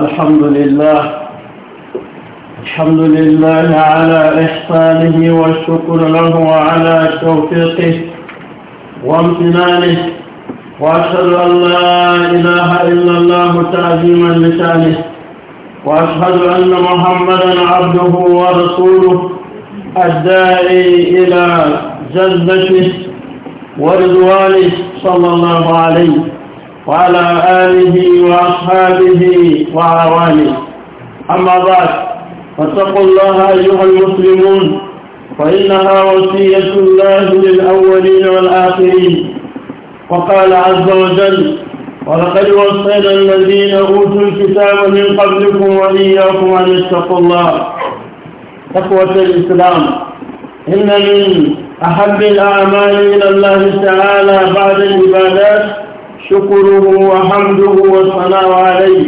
الحمد لله الحمد لله على إحسانه والشكر له على توفيقه وامتنانه وأشهد أن لا إله إلا الله تعظيما لسانه وأشهد أن محمدا عبده ورسوله الداعي إلى جنته ورضوانه صلى الله عليه وعلى آله وأصحابه وعوانه أما بعد فاتقوا الله أيها المسلمون فإنها وصية الله للأولين والآخرين وقال عز وجل ولقد وصينا الذين أوتوا الكتاب من قبلكم وإياكم أن اتقوا الله تقوى الإسلام إن من أحب الأعمال إلى الله تعالى بعد العبادات شكره وحمده والصلاة عليه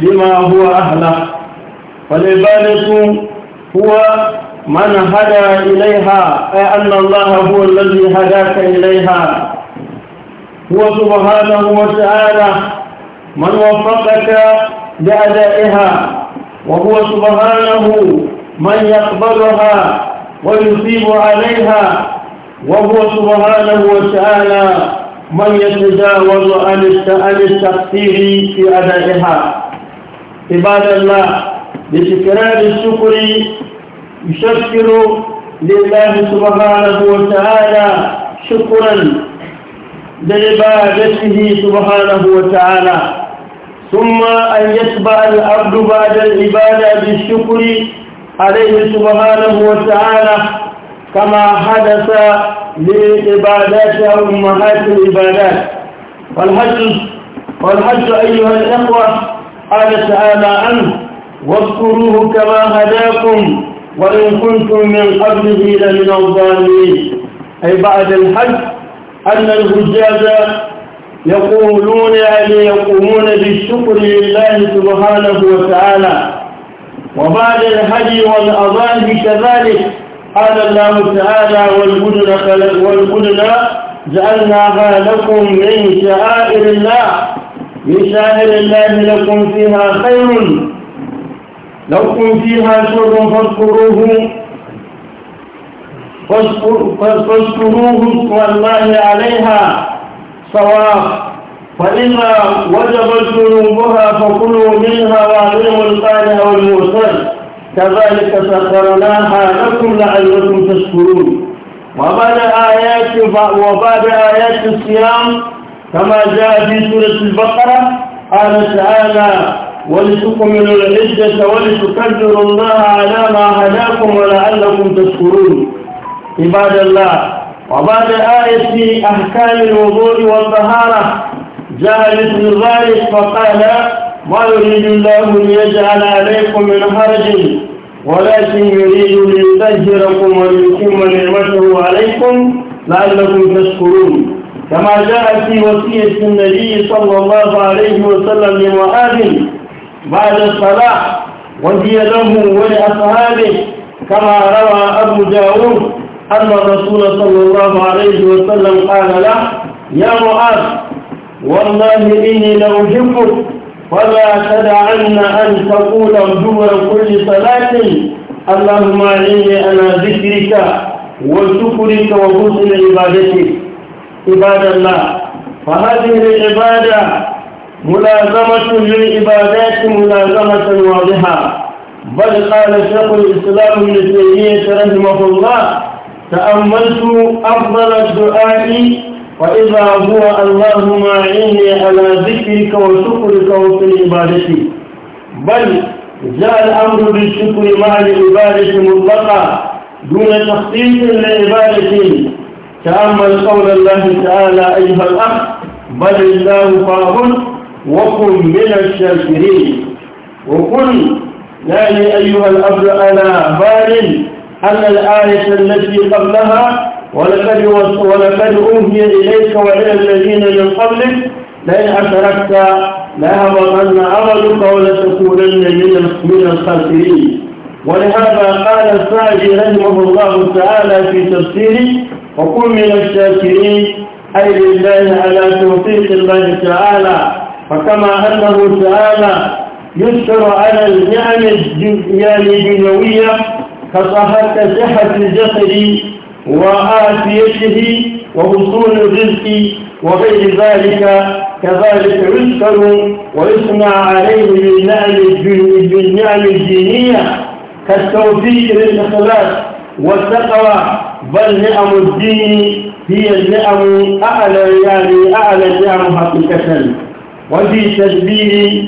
لما هو أهله فالعبادة هو من هدى إليها أي أن الله هو الذي هداك إليها هو سبحانه وتعالى من وفقك لأدائها وهو سبحانه من يقبلها ويصيب عليها وهو سبحانه وتعالى من يتجاوز عن التقصير في أدائها عباد الله بتكرار الشكر يشكر لله سبحانه وتعالى شكرا لعبادته سبحانه وتعالى ثم أن يتبع العبد بعد العبادة بالشكر عليه سبحانه وتعالى كما حدث لعباداتها أمهات العبادات والحج والحج أيها الإخوة قال تعالى عنه واذكروه كما هداكم وإن كنتم من قبله لمن الظالمين أي بعد الحج أن الهجاج يقولون يعني يقومون بالشكر لله سبحانه وتعالى وبعد الهدي والأضاحي كذلك قال الله تعالى والبدن والبدن جعلناها لكم من شعائر الله من شعائر الله لكم فيها خير لكم فيها شر فاذكروه فاذكروه والله عليها صواب فإذا وجبت ذنوبها فكلوا منها وعلموا القانع والمرسل كذلك سخرناها لكم لعلكم تشكرون وبعد آيات وبعد آيات الصيام كما جاء في سورة البقرة قال تعالى ولتكملوا العدة ولتكبروا الله على ما هداكم ولعلكم تشكرون عباد الله وبعد آية أحكام الوضوء والطهارة جاء مثل ذلك فقال ما يريد الله ليجعل عليكم من حرج ولكن يريد ليطهركم ويتم نعمته عليكم لعلكم تشكرون كما جاء في وصية النبي صلى الله عليه وسلم لمعاذ بعد الصلاة وهي له ولأصحابه كما روى أبو داود أن الرسول صلى الله عليه وسلم قال له يا معاذ والله إني لأحبك ولا تدعن أن تقول عدوا كل صلاة اللهم أعني على ذكرك وشكرك وحسن عبادتك عباد الله فهذه العبادة ملازمة للعبادات ملازمة واضحة بل قال شيخ الإسلام ابن تيمية رحمه الله تأملت أفضل الدعاء وإذا هو اللهم عيني على ذكرك وشكرك وفي عبادتي بل جاء الأمر بالشكر مع العبادة مطلقا دون تخطيط لعبادة تأمل قول الله تعالى أيها الأخ بل الله فاعبد وكن من الشاكرين وقل لا أيها الأب على بال أن الآية التي قبلها ولقد ولقد أوحي إليك وإلى الذين من قبلك لئن أشركت لهبطن عملك ولتكونن من من الخاسرين ولهذا قال السعدي رحمه الله تعالى في تفسيره وكن من الشاكرين أي لله على توفيق الله تعالى فكما أنه تعالى يشكر على النعم الدنيوية كصحة صحة الجسد وآتيته ووصول الرزق وغير ذلك كذلك يذكر ويصنع عليه بالنعم الدينية كالتوفيق للإخلاص والتقوى بل نعم الدين هي النعم أعلى يعني أعلى النعم حقيقة وفي تدبير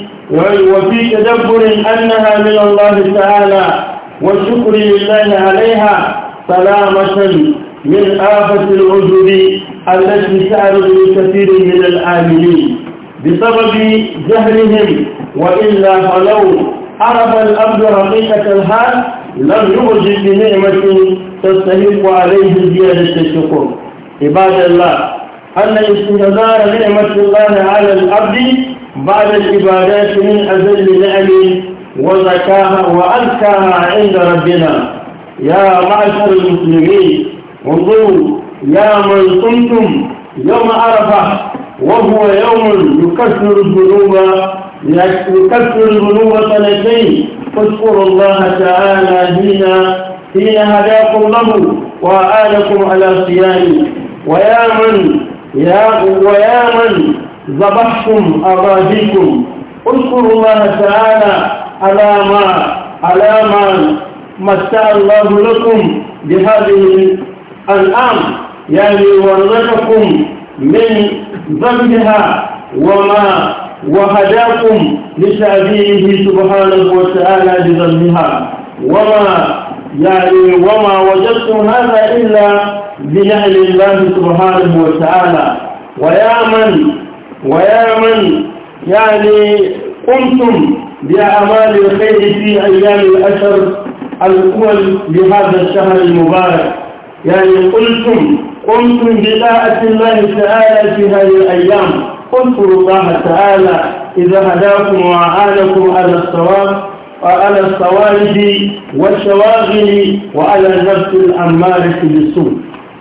وفي تدبر أنها من الله تعالى والشكر لله عليها سلامة من آفة العجب التي تعرض لكثير من العاملين بسبب جهلهم وإلا فلو عرف الأرض رقيقة الحال لم يعجب بنعمة تستحق عليه زيادة الشكر عباد الله أن استهدار نعمة الله على الأرض بعد العبادات من أجل نعم وزكاها وأزكاها عند ربنا يا معشر المسلمين انظروا يا من صمتم يوم عرفة وهو يوم يكسر الذنوب يكسر الذنوب سنتين فاشكروا الله تعالى هنا حين هداكم له وآلكم على صيامه ويا من يا ويا من ذبحتم أراضيكم اذكروا الله تعالى على ما على ما ما شاء الله لكم بهذه الأمر يعني ورزقكم من ذنبها وما وهداكم لتعبيره سبحانه وتعالى بذنبها وما يعني وما وجدتم هذا إلا بنهل الله سبحانه وتعالى ويا من ويا من يعني قمتم بأعمال الخير في أيام الأشر الأول لهذا الشهر المبارك يعني قلتم قمتم بطاعة الله تعالى في هذه الأيام قلتم الله تعالى إذا هداكم وأعانكم على الصواب وعلى الصوالب والشواغل وعلى نفس الأمارة بالسوء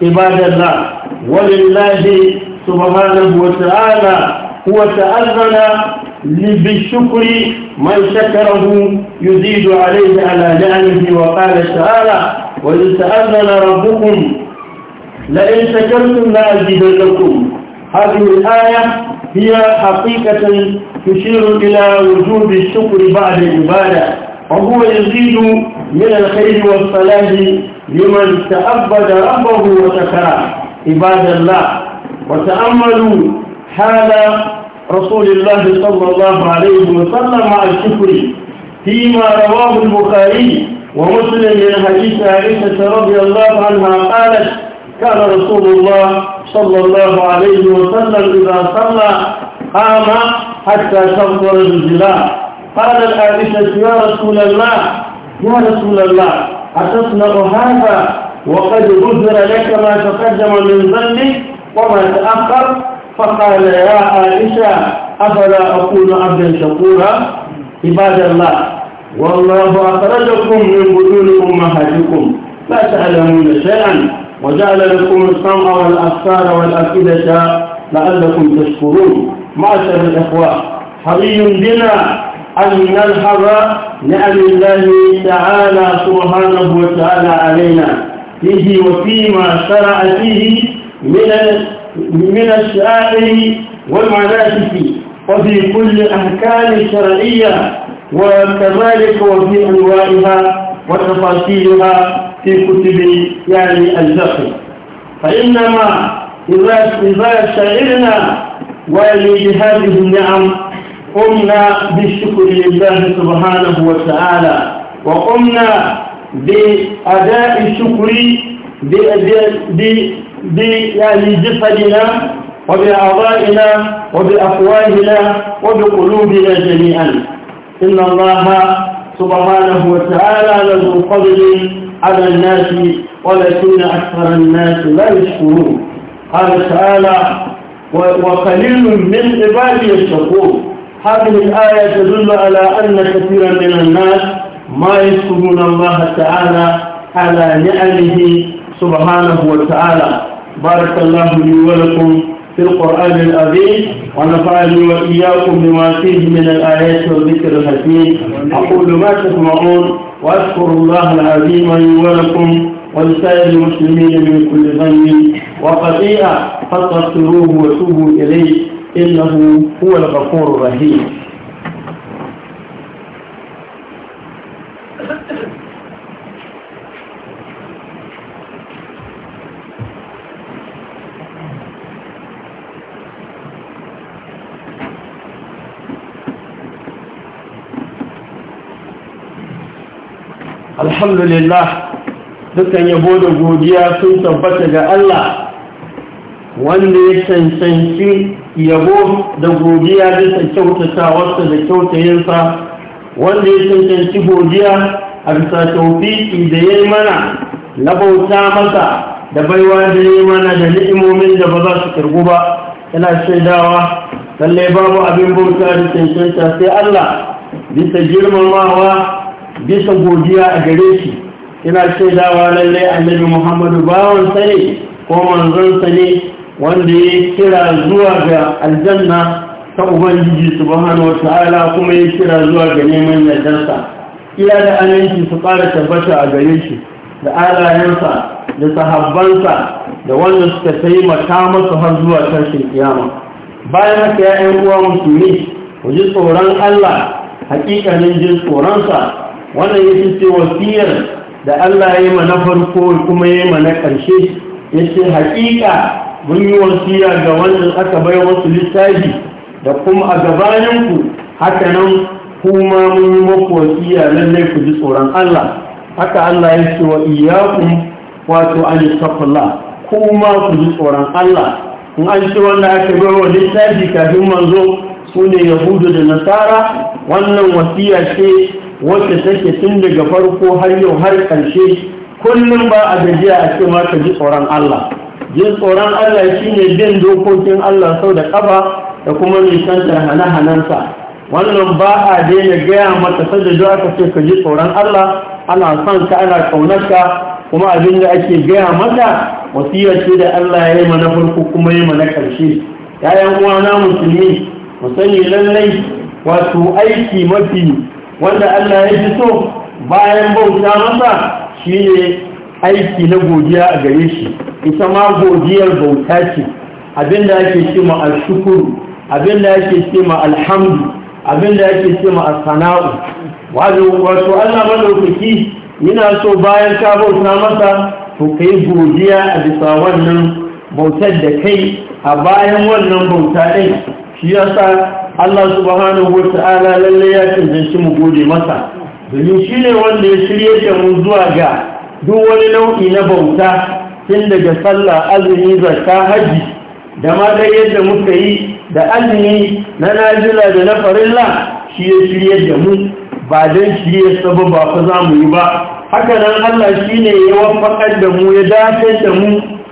عباد الله ولله سبحانه وتعالى هو تأذن بالشكر من شكره يزيد عليه على نعمه وقال تعالى واذ تأذن ربكم لئن شكرتم لأزيدنكم هذه الآية هي حقيقة تشير إلى وجوب الشكر بعد العبادة وهو يزيد من الخير والصلاة لمن تعبد ربه وشكره عباد الله وتأملوا حال رسول الله صلى الله عليه وسلم على الشكر فيما رواه البخاري ومسلم من حديث عائشة رضي الله عنها قالت كان رسول الله صلى الله عليه وسلم إذا صلى قام حتى شفر الجلال قالت عائشة يا رسول الله يا رسول الله أتصنع هذا وقد غفر لك ما تقدم من ذنبك وما تأخر فقال يا عائشة أفلا أكون عبدا شكورا عباد الله والله أخرجكم من بطون أمهاتكم لا تعلمون شيئا وجعل لكم السمع والأبصار والأفئدة لعلكم تشكرون معشر الإخوة حري بنا أن نلحظ نعم الله تعالى سبحانه وتعالى علينا فيه وفيما شرع فيه من من الشاعر والمناسك وفي كل أحكام شرعية وكذلك وفي أنواعها وتفاصيلها في كتب يعني الفقه فإنما إذا إذا شعرنا ولبهذه النعم قمنا بالشكر لله سبحانه وتعالى وقمنا بأداء الشكر بجسدنا وبأعضائنا وبأفواهنا وبقلوبنا جميعا إن الله سبحانه وتعالى لذو فضل على الناس ولكن أكثر الناس لا يشكرون قال تعالى وقليل من عبادي الشكور هذه الآية تدل على أن كثيرا من الناس ما يشكرون الله تعالى على نعمه سبحانه وتعالى بارك الله لي ولكم في القرآن العظيم ونفعني وإياكم بما فيه من الآيات والذكر الحكيم أقول ما تسمعون وأشكر الله العظيم لي ولكم ولسائر المسلمين من كل ذنب وخطيئة فتغفروه وتوبوا إليه إنه هو الغفور الرحيم alhamdulillah dukkan yabo da godiya sun tabbata ga Allah wanda ya cancanci yabo da godiya bisa kyautatawarsa da kyautayensa wanda ya cancanci godiya a bisa taufiki da ya yi mana na bauta masa da baiwa da ya yi mana da ni'imomin da ba za su kirgu ba yana shaidawa lallai babu abin bauta da cancanta sai Allah bisa girmamawa bisa godiya a gare shi ina dawa lallai annabi muhammadu bawansa ne ko manzansa ne wanda ya kira zuwa ga aljanna ta ubangiji subhanahu ala kuma ya kira zuwa ga neman yardarsa iya da aminci su fara tabbata a gare shi da alayensa da sahabbansa da wanda suka taimaka masa har zuwa tashin kiyama bayan haka ya'yan uwa musulmi ku ji tsoron allah hakikanin jin tsoronsa wannan ya ce wasiyar da Allah ya yi mana farko kuma ya yi mana ƙarshe ya ce haƙiƙa mun yi wasiya ga wanda aka bai wasu littafi da kuma a gabaninku haka nan kuma mun yi maku wasiya lallai ku ji tsoron Allah haka Allah ya ce wa iyakun wato an takwalla kuma ku ji tsoron Allah in an ce wanda aka bai wa littafi kafin manzo su ne yahudu da nasara wannan wasiya ce wacce take tun daga farko har yau har ƙarshe kullum ba a gajiya a ce ma ka ji tsoron Allah jin tsoron Allah shine bin dokokin Allah sau da ƙafa da kuma nisantar hane-hanensa wannan ba a daina gaya maka sanda da aka ce ka ji tsoron Allah ana son ka ana ƙaunarka kuma abin da ake gaya maka wasiya ce da Allah ya yi mana farko kuma ya yi mana ƙarshe yayan uwana musulmi mu sani lallai wato aiki mafi wanda Allah ya fi so bayan bauta masa shi ne aiki na godiya a gare shi ita ma godiyar bauta ce abinda ake ce ma alshukuru abinda ake ce ma alhamdu abinda ake ce ma asana'u wato Allah madaukaki yana so bayan ka bauta masa to kai godiya a bisa wannan bautar da kai a bayan wannan bauta ɗin shi yasa Allah subhanahu wa ta'ala lalle ya shi mu gode masa domin shi ne wanda ya shirye da mu zuwa ga duk wani nau'i na bauta tun daga sallah azumi zakka haji da ma dai yadda muka yi da azumi na najila da na farilla shi ya shirye da mu ba don ya saba ba fa za mu yi ba haka nan Allah shi ne ya wafakar da mu ya dace da mu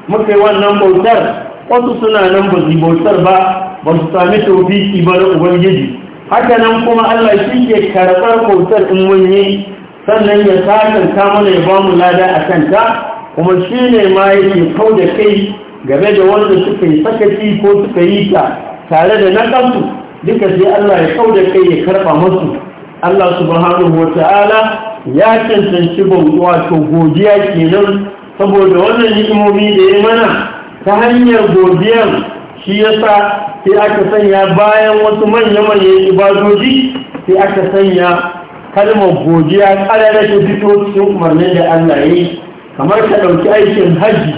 muka yi wannan bautar wasu suna nan ba su bautar ba ba su sami taufiki ba na ubangiji haka nan kuma allah shi ke karɓar kautar in mun sannan ya ta mana ya ba mu lada a kanta kuma shi ne ma yake kau da kai game da wanda suka yi sakaci ko suka yi ta tare da nakansu duka sai allah ya kau da kai ya karɓa masu allah subhanahu wa ta'ala ya cancanci bautuwa to godiya kenan saboda wannan ni'imomi da ya mana ta hanyar godiyar shi yasa sai aka sanya bayan wasu manya-manyan ibadoji sai aka sanya kalmar godiya ƙararra ta fito cikin umarnin da Allah ya yi kamar ka ɗauki aikin hajji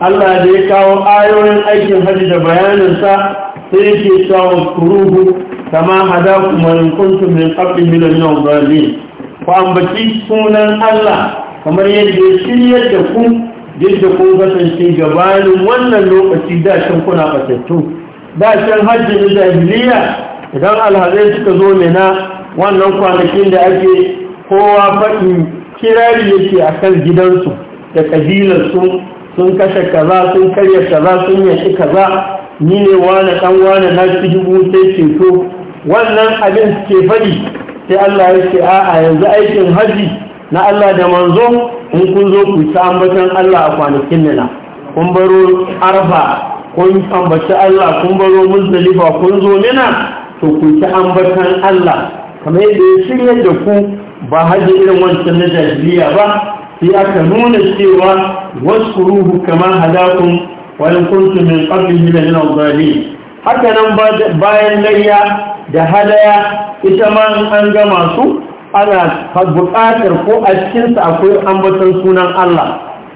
Allah da ya kawo ayoyin aikin hajji da bayaninsa sai yake cewa kuruhu kama hada kuma rinkuntun min qabli milan yau zane ku ambaci sunan Allah kamar yadda ya shirya da ku yadda ku kasance gabanin wannan lokaci da can kuna fatattu da shan hajji na jahiliya idan alhazai suka zo na wannan kwanakin da ake kowa faɗi kirari yake a kan gidansu da ƙabilarsu sun kashe kaza sun karya kaza sun yaki kaza ni ne wane ɗan wane na ci dubu sai ceto wannan abin ke faɗi sai Allah ya ce a'a yanzu aikin hajji na Allah da manzo in kun zo ku ta ambatan Allah a kwanakin nana kun baro arfa kun ambaci Allah kun baro muzdalifa kun zo mina to ku ta ambatan Allah kamar yadda ya shirya da ku ba hajji irin wancan na jahiliya ba sai aka nuna cewa waskuruhu kama hadakum wa in kuntum min qablihi la min al haka nan bayan layya da hadaya ita ma an gama su ana buƙatar ko a cikinsa akwai ambaton sunan Allah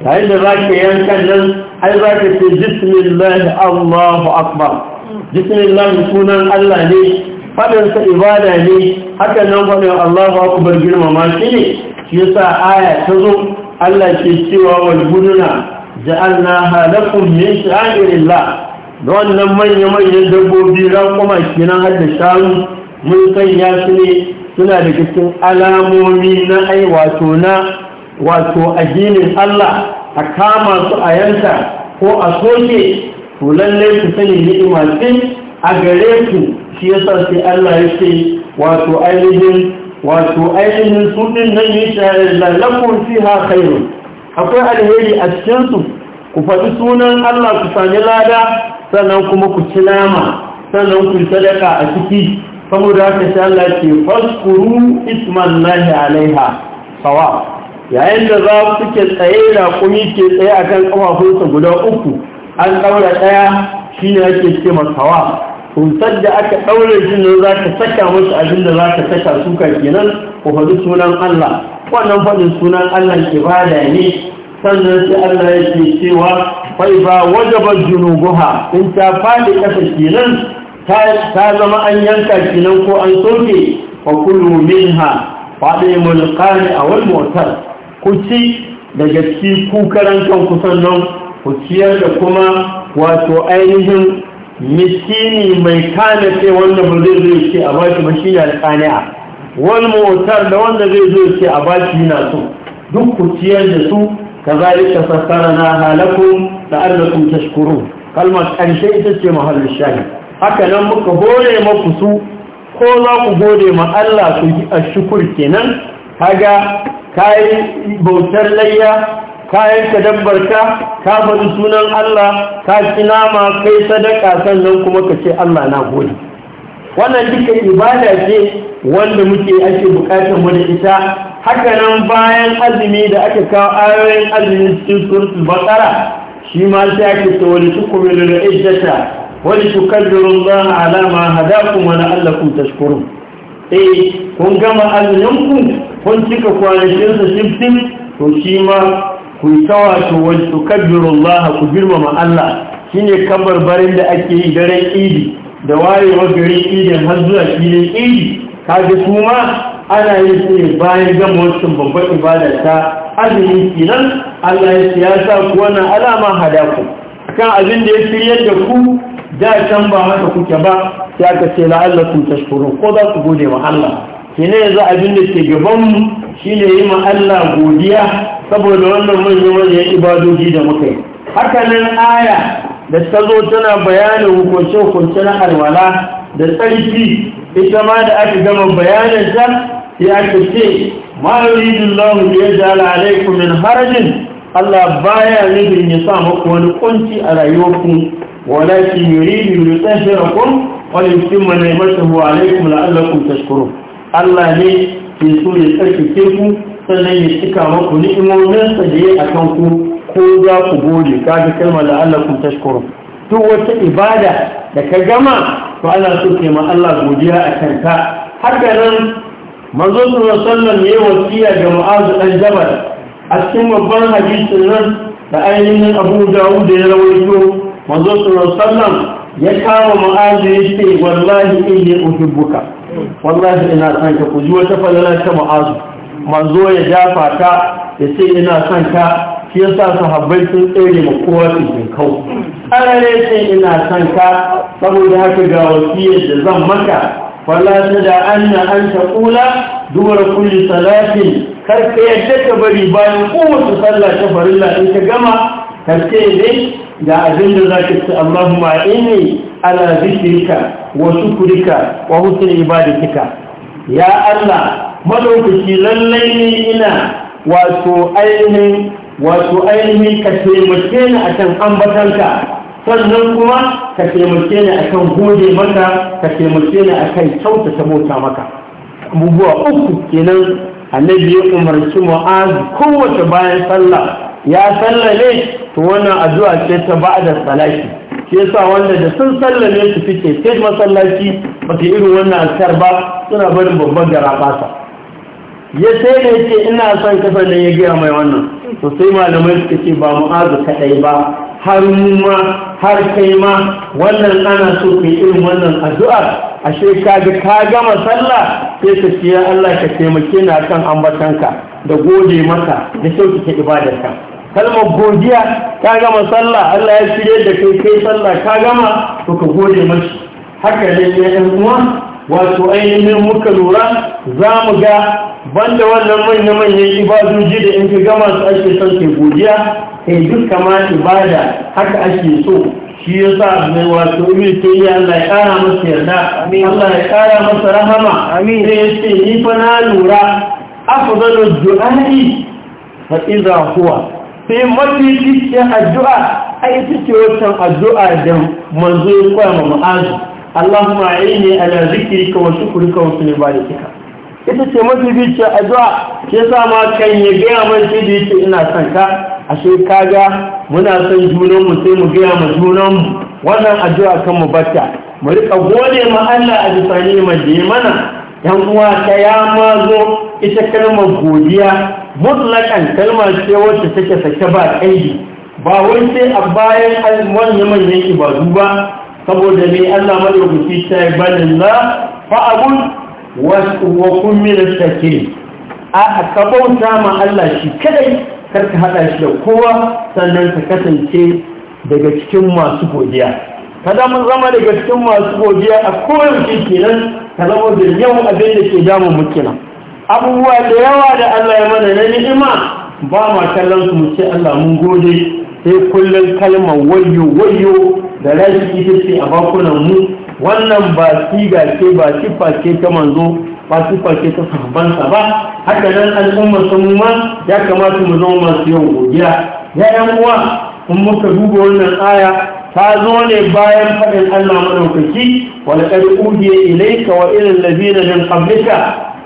yayin da za ka yankan nan ai za ka ce bismillahi allahu akbar bismillahi sunan Allah ne faɗinsa ibada ne haka nan faɗin allahu akbar girmama shi ne shi yasa aya ta zo Allah ke cewa wal guduna ja'alna halakun min sha'irillah da wannan manya-manyan dabbobi ran kuma kenan har da shanu mun sanya su ne suna da cikin alamomi na ai wato na wato addinin Allah a kama su a yanka ko a soke to lallai su sani ni'ima ce a gare su shi yasa sai Allah ya ce wato ainihin wato ainihin su din nan yi shayar lallakun fiha khairun akwai alheri a cikin su ku faɗi sunan Allah ku sami lada sannan kuma ku ci nama sannan ku sadaka a ciki saboda haka sai Allah ke faskuru isman lahi alaiha sawa yayin da za ku ke tsaye da kumi ke tsaye akan kafafunsa guda uku an daura ɗaya shine yake ce ma sawa kunsar da aka ɗaure shi ne za ka saka musu abin da za ka saka suka kenan ku faɗi sunan Allah wannan faɗin sunan Allah ibada ne sannan sai Allah yake cewa fa ba wajaba junubuha in ta faɗi ƙasa kenan ta zama an yanka kinan ko an soke wa kullu minha fadimul qani awal mu'tar ku ci daga ci ku kan kusan nan ku ciyar da kuma wato ainihin miskini mai kana ce wanda ba zai zo ce a baki ba shi ne wal mu'tar da wanda zai zo ce a baki yana so duk ku ciyar da su kazalika sassarana halakum la'allakum tashkurun kalmar ƙarshe ita ce mahallin shahid haka nan muka gode maku su ko za ku gode ma Allah su yi a shukur kenan haga kayan bautar layya kayan ka dabbarka ka faɗi sunan Allah ka ci nama kai sadaka sannan kuma ka ce Allah na gode wannan duka ibada ce wanda muke ake bukatar mu da ita haka nan bayan azumi da aka kawo ayoyin azumin cikin suratul baqara shi ma sai ake tawali da ijjata ولتكبروا الله على ما na ولعلكم تشكرون eh kun gama ku? kun cika kwanakin su siftin to shi ma ku yi tawato wa tukabbiru Allah ku girmama Allah shine kabarbarin da ake yi daren Idi da wayewar garin Idin har zuwa filin Idi kaga kuma ana yi su ne bayan gama wancan babban ibada ta azumi kinan Allah ya ce sa kuwa na alama hadaku kan abin da ya shiryar da ku da can ba haka kuke ba sai aka ce la'allakum tashkurun ko za ku gode wa Allah kene yanzu abin da ke gaban mu shine yi ma Allah godiya saboda wannan manyan wajen ibadoji da muka yi haka nan aya da ta zo tana bayanin hukunce hukunce na alwala da tsarki ita ma da aka gama bayanin ta sai aka ce ma yuridun lahu ya yaj'al alaikum min harajin Allah baya nufin ya sa muku wani kunci a rayuwarku ولكن يريد ليطهركم وليتم نعمته عليكم لعلكم تشكرون الله ne ke so ya tsarkake ku sannan ya cika maku ni'imominsa da ya akan ku ko za ku gode kaga kalmar la'allakum tashkurun duk wata ibada da ka gama to ana so ke ma Allah godiya a kanta haka nan manzo sallallahu alaihi wasiya ga mu'azu dan jabal a cikin babban hadisin nan da ainihin Abu Dawud da ya rawaito manzo sallallahu ya kawo mu'azu ya ce wallahi inni uhibbuka wallahi ina son ka ku wata falala ta mu'azu manzo ya dafa ta ya ce ina son ka shi yasa sahabbai sun tsere ma kowa jin kau alare ce ina son ka saboda haka ga wasiyar da zan maka wallahi da da anna an ƙula duwar kulli salatin kar ka yadda ka bari bayan kowace sallah ta farilla in ka gama ka ce ne ga abin da za ka ce Allahumma inni ala zikrika wa shukrika wa husni ibadatika ya Allah madaukaki lallai ne ina wato ainihin wato ainihin ka taimake ni akan ambatanka sannan kuma ka taimake ni akan gode maka ka taimake ni akan kyautata mota maka abubuwa uku kenan annabi ya umarci mu'az kowace bayan sallah ya sallame to wannan addu'a ce ta ba'da salati shi yasa wanda da sun sallame su fice sai masallaci baka irin wannan askar ba suna barin babban gara fasa ya sai ne ce ina son kafa da ya gaya mai wannan to sai malamai suka ce ba mu'azu kaɗai ba har mu ma har kai ma wannan ana so ka irin wannan addu'ar ashe ka ga ka gama sallah sai ka ce ya Allah ka taimake ni akan ambatanka da gode maka da kyautata ibadarka kalmar godiya ka gama sallah Allah ya shirye da kai kai sallah ka gama to ka gode mashi haka ne ya ɗan uwa wato ainihin muka lura za mu ga banda wannan manya-manyan ibadoji da in ka gama su ake son ke godiya kai duk kama ibada haka ake so shi ya sa mai wato ibn yi Allah ya kara masa yarda Allah ya kara masa rahama amin sai ya ce ni fa na lura afdalu du'a'i fa idza huwa sai mafi cikin addu'a a yi ce wancan addu'a da manzo ya kwaya ma ma'azu Allahumma aini shukuri kawai su ne ba da ibadatika ita ce mafi cikin addu'a ke sa ma kan ya gaya man sai da yake ina son ka ashe kaga muna son junanmu sai mu gaya ma junanmu. wannan addu'a kan mu bata mu rika gode ma Allah a bisani ma da mana yan uwa ta ya ma zo ita kalmar godiya mutlaƙan kalma ce wacce take sake ba kai ba wai sai a bayan manya-manyan ibadu ba saboda ne allah maɗaukaki ta yi banin na fa'abun wakun minar shakiri a ka bauta ma allah shi kadai karka hada shi da kowa sannan ka kasance daga cikin masu godiya kada mun zama daga cikin masu godiya a koyaushe kenan ka zama da yau abin da ke damun mu abubuwa da yawa da Allah ya mana na ni'ima ba ma kallon su ce Allah mun gode sai kullum kalmar wayo wayo da rashi ita ce a bakunan mu wannan ba siga ce ba siffa ce ta manzo ba siffa ce ta sahabbansa ba haka nan al'ummar mu ma ya kamata mu zama masu yau, godiya ya yan uwa in muka duba wannan aya ta zo ne bayan faɗin Allah madaukaki wal qad uhiya ilayka wa ila allazina min qablika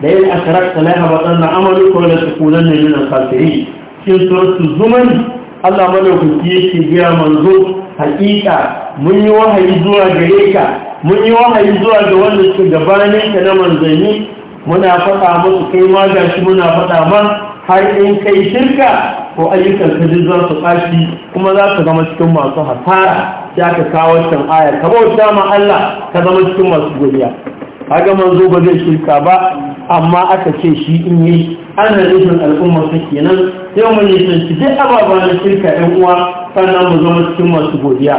da أشركت لا يهبطن عملك ولا تكونن من الخاسرين في سورة الزمن الله ملوك يشي بها manzo haƙiƙa mun yi wahayi zuwa gare ka mun yi wahayi zuwa ga wanda suka gabanin ka na manzanni muna faɗa musu kai ma gashi muna faɗa ma har in kai shirka ko ayyukan ka za su ƙashi kuma za su zama cikin masu hasara ya ka kawo can aya ka bauta ma Allah ka zama cikin masu godiya kaga manzo ba zai shirka ba amma aka ce shi in yi ana nufin al'ummar su kenan yau mun nisanci duk ababa na shirka yan uwa sannan mu zama cikin masu godiya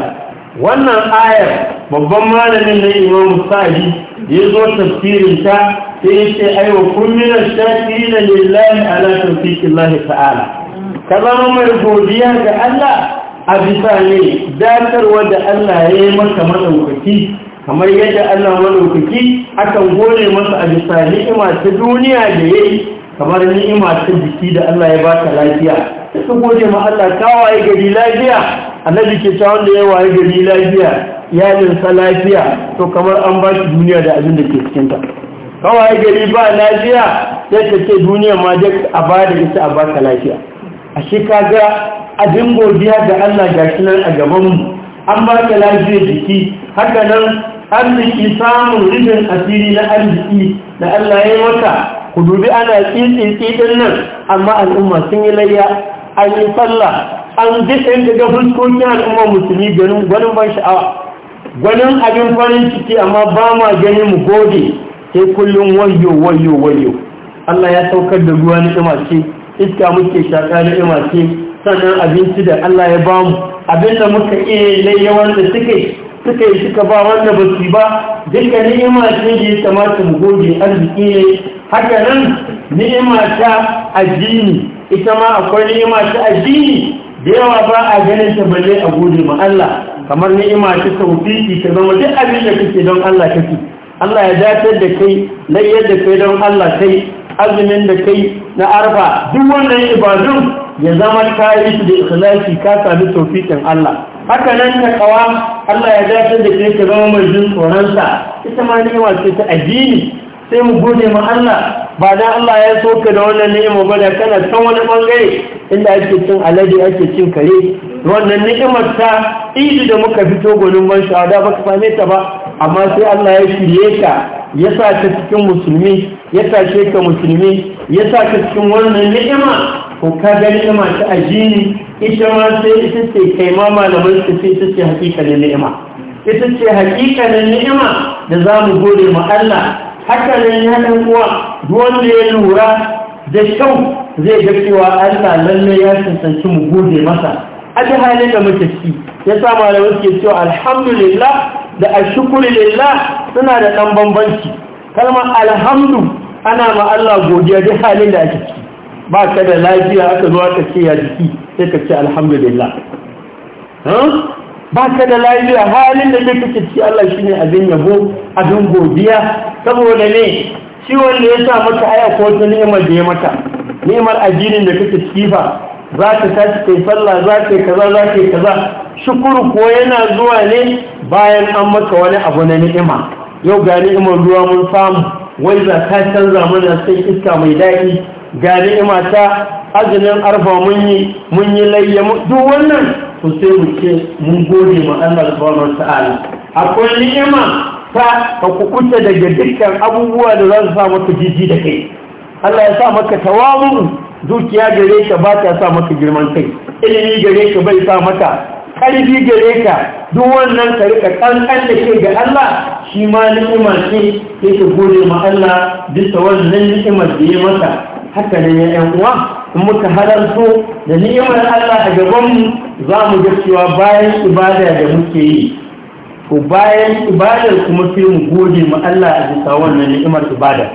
wannan ayar babban malamin na imam sa'adi ya zo tafsirin ta sai ya ce aiwa kullina shakirina lillahi ala tawfiqillahi ta'ala ka zama mai godiya ga Allah a bisa ne datarwa da Allah ya yi maka maɗaukaki kamar yadda Allah madaukaki akan gode masa a bisa ni'ima ta duniya da yayi kamar ni'ima ta jiki da Allah ya baka lafiya su gode ma Allah waye gari lafiya annabi ke cewa wanda ya waye gari lafiya iyalin sa lafiya to kamar an ba shi duniya da abin da ke cikin ta kawaye gari ba lafiya sai ta ce duniya ma duk a ba da ita a baka lafiya a shi kaga abin godiya ga Allah gashi nan a gaban mu an ba ka lafiyar jiki haka nan arziki samun rijin asiri na arziki da Allah ya yi wata ku dubi ana tsitsin nan amma al'umma sun yi layya an yi sallah an jikin daga fuskokin al'umma musulmi gwanin ban sha'awa gwanin abin farin ciki amma ba ma gani mu gode sai kullum wayo wayo wayo Allah ya saukar da ruwa na ce iska muke shaka na ce sannan abinci da Allah ya ba mu da muka iya layyawar da suke suka yi suka ba wanda ba su ba duka ni'ima ce da ya kamata mu goge arziki ne haka nan ni'ima ta addini ita ma akwai ni'ima ta addini da yawa ba a ganin ta balle a gode ma Allah kamar ni'ima ta tawfiki ta zama duk abin da kake don Allah kake Allah ya datar da kai layyar da kai don Allah kai azumin da kai na arfa duk wannan ibadun ya zama ka yi su da ikhlasi ka sami tawfiqin Allah haka nan ta kawa Allah ya dace da kai ka zama mai jin tsoron sa ita ma ne wace ta addini sai mu gode ma Allah ba dan Allah ya soka da wannan ni'ima ba da kana san wani bangare inda ake cin alade ake cin kare wannan ni'imar ta idi da muka fito gurin ban shahada ba ka same ta ba amma sai Allah ya shirye ka ya sa ta cikin musulmi ya tashe ka musulmi ya sa ka cikin wannan ni'ima ko ka ga ni'ima ta ajini ita ma sai ita ce kai ma malamai su ce ita ce hakikalin ni'ima ita ce hakikalin ni'ima da za mu gode ma Allah haka ne ya dan uwa wanda ya lura da kyau zai ga cewa Allah lalle ya cancanci mu gode masa a ji halin da muke ciki ya sa malamai suke cewa alhamdulillah da ashkuru lillah suna da dan bambanci kalmar alhamdu ana ma Allah godiya duk halin da ake ciki ba ka da lafiya aka zo aka ce ya jiki sai ka ce alhamdulillah ba ka da lafiya halin da kake ciki Allah shine abin yabo abin godiya saboda ne shi wanda ya sa maka aya ko ta ni'imar da ya maka ni'imar addinin da kake ciki fa za ka tashi kai sallah za ka kaza za ka kaza shukuru ko yana zuwa ne bayan an maka wani abu na ni'ima yau ga ni'imar ruwa mun samu wai za ka canza mana sai iska mai daɗi ga ni'ima ta azumin arfa mun yi mun yi layya duk wannan ku sai mu ce mun gode ma Allah subhanahu ta'ala akwai ni'ima ta ka daga dukkan abubuwa da za su sa maka jiji da kai Allah ya sa maka tawamu zuciya gare ka ba ta sa maka girman kai ilimi gare ka bai sa maka ƙarfi gare ka duk wannan ka rika ƙanƙan da ke ga Allah shi ma ni'imar ce yake gode ma Allah bisa wannan ni'imar da ya masa haka ne ya 'yan uwa in muka halarto da ni'imar Allah a gabanmu za mu ga cewa bayan ibada da muke yi ko bayan ibadar kuma sai mu gode ma Allah a bisa wannan ni'imar ibada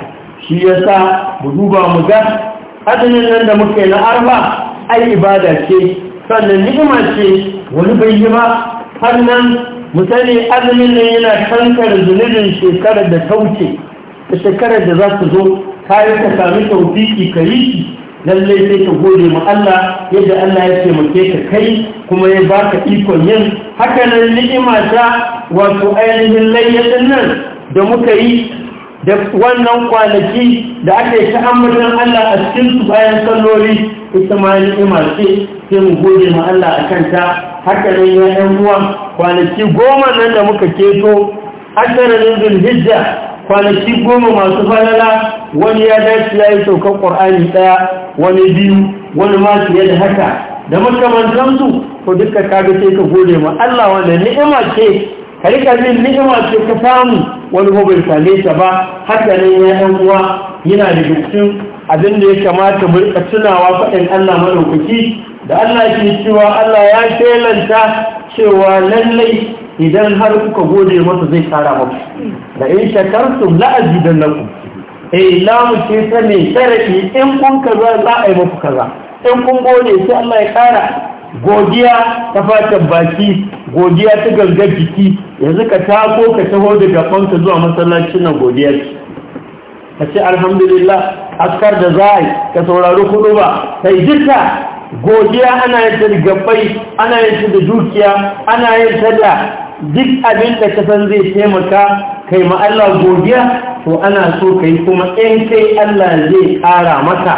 shi yasa mu duba mu ga azumin nan da muke na arba ai ibada ce sannan ni'ima ce wani bai yi ba sannan mutane azumin nan yana kankar zunubin shekarar da ta wuce da shekarar da za su zo kayan ka sami taufiki ka yi shi lallai sai ka gode ma Allah yadda Allah ya taimake ka kai kuma ya ba ka ikon yin haka nan ni'ima ta wato ainihin layyadin nan da muka yi da wannan kwanaki da aka yi ta Allah a cikin su bayan sallori ita ma ni'ima ce sai mu gode ma Allah a kanta haka nan ya ɗan uwa kwanaki goma nan da muka keto ashirin hijja kwanaki goma masu falala wani ya dace ya yi saukar ƙwar'ani ɗaya wani biyu wani ma fiye da haka da su ko duka kaga sai ka gode ma Allah wanda ni'ima ce ka min ni'ima ce ka samu wani hobin ta ba haka nan ya ɗan uwa yana da dukkan abin da ya kamata mu rika tunawa faɗin Allah madaukaki da Allah ke cewa Allah ya shelanta cewa lallai idan har kuka gode masa zai kara maku da in shakartum la azidannakum eh lamu ce ta ne sharafi in kun kaza za a yi maku kaza in kun gode sai Allah ya kara godiya ta fatan baki godiya ta gangar jiki yanzu ka tako ka taho daga fanka zuwa masallacin nan godiya ce ka ce alhamdulillah askar da za a yi ka saurari kudu ba sai duka godiya ana yadda ta da gabbai ana yadda da dukiya ana yadda da duk abin da ka san zai taimaka kai ma Allah godiya to ana so yi kuma in kai Allah zai ƙara maka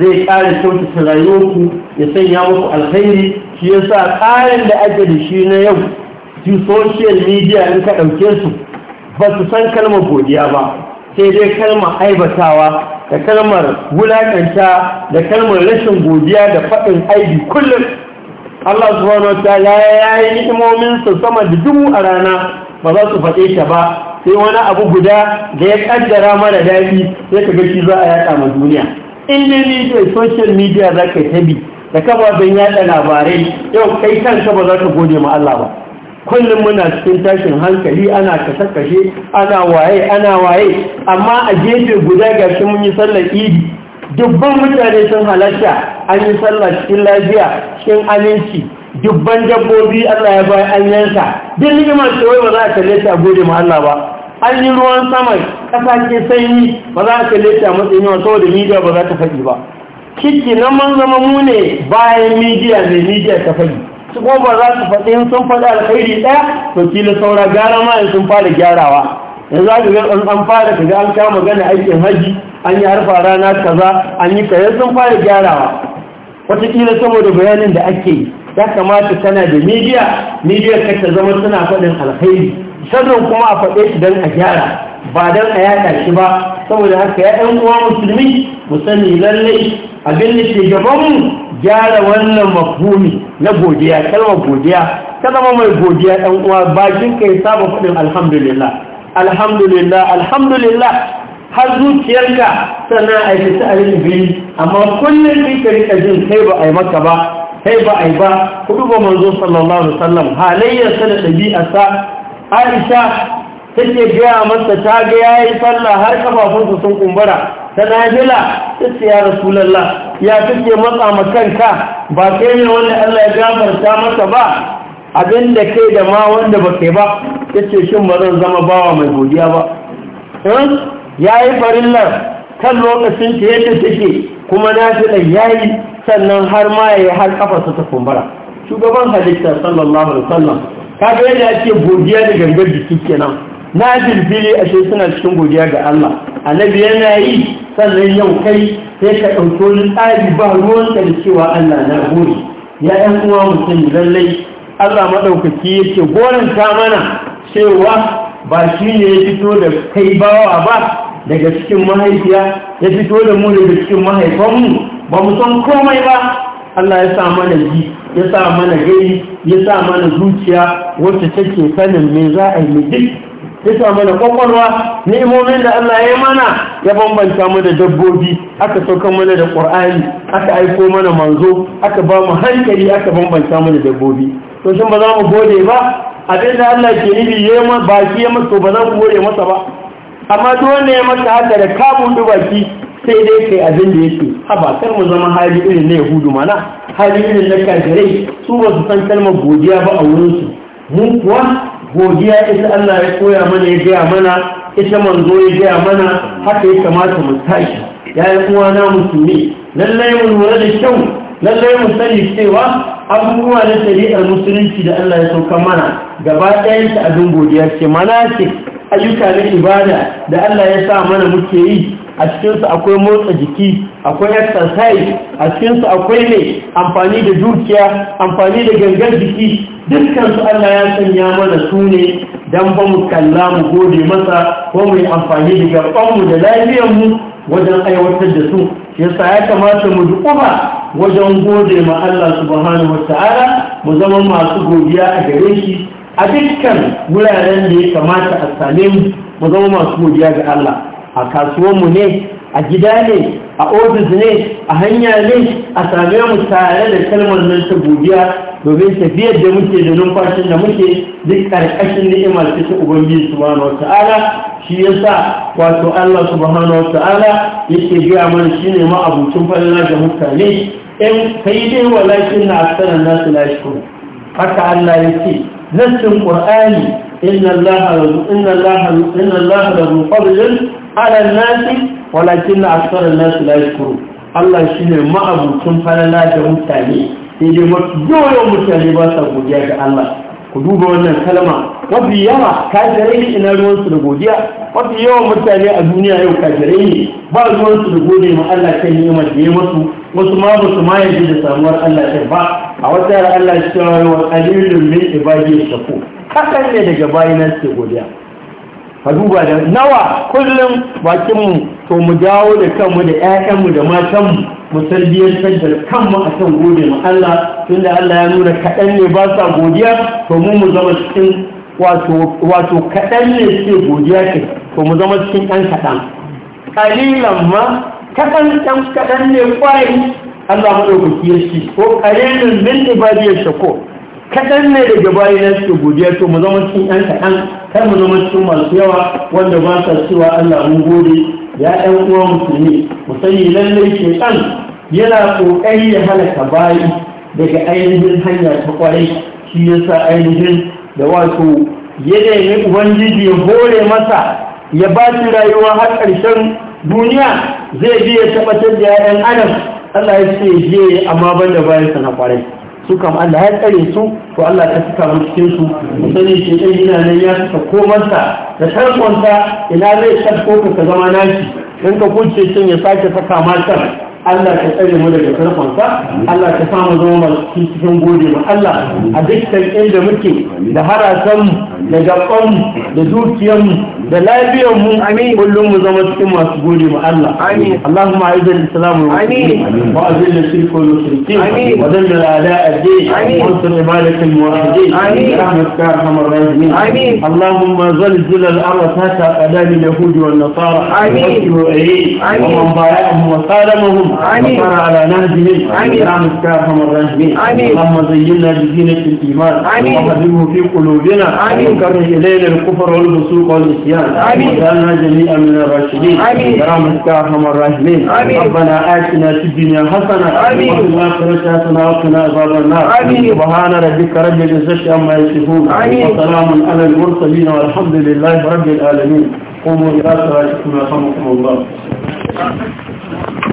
zai ƙara kyautata rayuwarku ya sanya muku alkhairi shi sa ƙarin da ake da shi na yau su social media in ka ɗauke su ba su san kalmar godiya ba sai dai kalmar aibatawa da kalmar wulakanta da kalmar rashin godiya da faɗin aibi kullum Allah subhanahu wa ta'ala ya yi ni'imomin su sama da dubu a rana ba za su faɗe ta ba sai wani abu guda da ya kaddara mara daɗi sai ka ga shi za a yaɗa ma duniya in dai ni dai social media za ka tabi da kafafen yaɗa labarai yau kai kanka ba za ka gode ma Allah ba kullum muna cikin tashin hankali ana kashe-kashe ana waye ana waye amma a gefe guda gashi mun yi sallar idi dubban mutane sun halarta an yi sallar cikin lafiya cikin aminci dubban dabbobi Allah ya bayan an yanka duk rigimar wai ba za a kalle ta gode ma Allah ba an yi ruwan sama kasa ke sanyi ba za a kalle ta matsayin yawa saboda midiya ba za ta faɗi ba kiki nan man zama mu ne bayan midiya mai midiya ta faɗi su ba za su faɗi in sun faɗi alkhairi ɗaya to kila saura gara ma in sun fara gyarawa yanzu za ka ga an fara ka ga an kama gana aikin haji an yi harfa rana kaza an yi kayan sun fara gyarawa wataƙila saboda bayanin da ake yi ya kamata tana da midiya Midiyar ka ta zama suna faɗin alkhairi sharrin kuma a faɗe shi don a gyara ba don a yaɗa shi ba saboda haka ya ɗan uwa musulmi mu sani lallai abin da ke gabanmu gyara wannan mafhumi na godiya kalmar godiya ta zama mai godiya ɗan uwa bakin kai saba faɗin alhamdulillah alhamdulillah alhamdulillah har zuciyarka sannan a yi ta amma kullum ɗin ka rika jin kai ba a yi maka ba kai ba a yi ba kuɗu ba manzo sallallahu alaihi wasallam halayyarsa da ɗabi'arsa aisha take gaya masa ta ga yayi sallah har kafafunsa sun kumbura ta najila tace ya rasulullah ya take matsa ma kanka ba kai ne wanda Allah ya gafarta masa ba abinda kai da ma wanda ba kai ba ce shin ba zan zama bawa mai godiya ba hmm? yayi farillar kan lokacin ta yadda take kuma ya yayi sannan har ma yayi har kafarsa ta kumbura shugaban halitta sallallahu alaihi wasallam kaga ya ce godiya da gangar jiki kenan na jirfili a shi suna cikin godiya ga Allah annabi yana yi sannan yau kai sai ka ɗauko ni tsari ba ruwan da cewa Allah na gode ya ɗan uwa mutum lallai Allah maɗaukaki yake ta mana cewa ba shi ne ya fito da kai bawa ba daga cikin mahaifiya ya fito da mu daga cikin mahaifanmu ba mu san komai ba Allah ya sa mana ji ya sa mana gani ya sa mana zuciya wacce take sanin me za a yi miji ya sa mana kwakwalwa ni'imomin da Allah ya yi mana ya bambanta mu da dabbobi aka sauka mana da ƙur'ani aka aiko mana manzo aka ba mu hankali aka bambanta mu da dabbobi to shin ba za mu gode ba abin da Allah ke nufi ya yi baki ya masa ba za mu gode masa ba amma duk wanda ya masa haka da kamun dubaki sai dai kai abin da yake haba kar mu zama hali irin na yahudu mana hali irin na kafirai su ba su san kalmar godiya ba a wurinsu mun kuwa godiya ita Allah ya koya mana ya gaya mana ita manzo ya gaya mana haka ya kamata mu tashi ya yi kowa na musulmi lallai mu lura da kyau lallai mu sani cewa abubuwa na shari'ar musulunci da Allah ya sauka mana gaba ɗayan ta abin godiya ce mana ce ayyuka na ibada da Allah ya sa mana muke yi a cikinsu akwai motsa jiki akwai exercise a cikinsu akwai ne amfani da dukiya amfani da gangar jiki dukkansu allah ya sanya mana su ne don ba mu kalla mu gode masa ko mu yi amfani da gabanmu da mu wajen aiwatar da su yasa ya kamata mu dukuba wajen gode ma allah subhanahu wa ta'ala mu zama masu godiya a gare shi a dukkan wuraren da ya kamata a same mu mu zama masu godiya ga allah a mu ne a gida ne a ofis ne a hanya ne a same mu tare da kalmar nan ta godiya domin tafiyar da muke da numfashin da muke duk ƙarƙashin ni'imar ta ta ubangiji subhanahu ta'ala. shi yasa wato Allah subhanahu ta'ala yake gaya mana shi ne ma abucin falala da mutane in kai dai walakin na na nasu la haka Allah yake nassin ƙur'ani. إن الله إن الله إن الله له فضل على الناس ولكن Allah shi ne ma'abucin falala da mutane sai dai mutane ba sa godiya ga Allah ku duba wannan kalma mafi yawa kafirai ne ina ruwansu da godiya mafi yawan mutane a duniya yau kafirai ne ba ruwansu da gode ma Allah kan ni'imar da ya masu wasu ma ba su ma da samuwar Allah ɗin ba a wata Allah shi ta wa qalilun min ibadiy shakur kaɗan ne daga bayanan ke godiya ka duba da nawa kullum bakinmu to mu dawo da kanmu da 'ya'yanmu da matanmu mu tarbiyyantar da kanmu a kan gode mu Allah tunda Allah ya nuna kaɗan ne ba sa godiya to mu mu zama cikin wato kaɗan ne ce godiya ce to mu zama cikin ɗan kaɗan ƙalilan ma kasan ɗan kaɗan ne kwayi Allah maɗaukaki ya shi ko ƙalilin min ibadiyar shako kaɗan ne daga bayan su godiya to mu zama cikin ɗan kaɗan kar mu zama cikin masu yawa wanda ba sa cewa Allah mun gode ya ɗan uwa musulmi mu sani lallai ɗan. yana ƙoƙari ya halaka bayi daga ainihin hanya ta kwarai shi ya sa ainihin da wato ya daidai ubangiji ya hore masa ya ba shi rayuwa har ƙarshen duniya zai biya tabbatar da 'ya'yan adam Allah ya ce je amma ban da bayansa na kwarai su kam Allah ya tsare su to Allah ta suka mu cikin su musanin shi dai yana nan ya suka komarta, da tarkonta ina zai shakko ka zama nashi in ka kunce cin ya sake saka matar. Allah ya tsare mu daga karfansa Allah ya sa mu zama cikin gode mu Allah a dukkan inda muke da harasan da gaban da dukiyan da lafiyar mu amin kullum mu zama cikin masu gode mu Allah amin Allahumma a'izzal islam wa amin wa azil shirk wal amin wa dallil ala ad amin wa ansur ibadak al muwahhidin amin rahmatka arhamar rahimin amin Allahumma zalzil al arwa hatta qadam al yahud wal nasara amin wa man bayahum wa salamahum وصار على نهجهم ونعم كافهم الراجمين اللهم زينا بزينة الإيمان وحببه في قلوبنا وكره إلينا الكفر والفسوق والعصيان واجعلنا جميعا من الراشدين برحمتك أرحم الراحمين ربنا آتنا في الدنيا حسنة وفي الآخرة حسنة وقنا عذاب النار سبحان ربك رب العزة عما يصفون وسلام على المرسلين والحمد لله رب العالمين قوموا إلى صلاتكم يرحمكم الله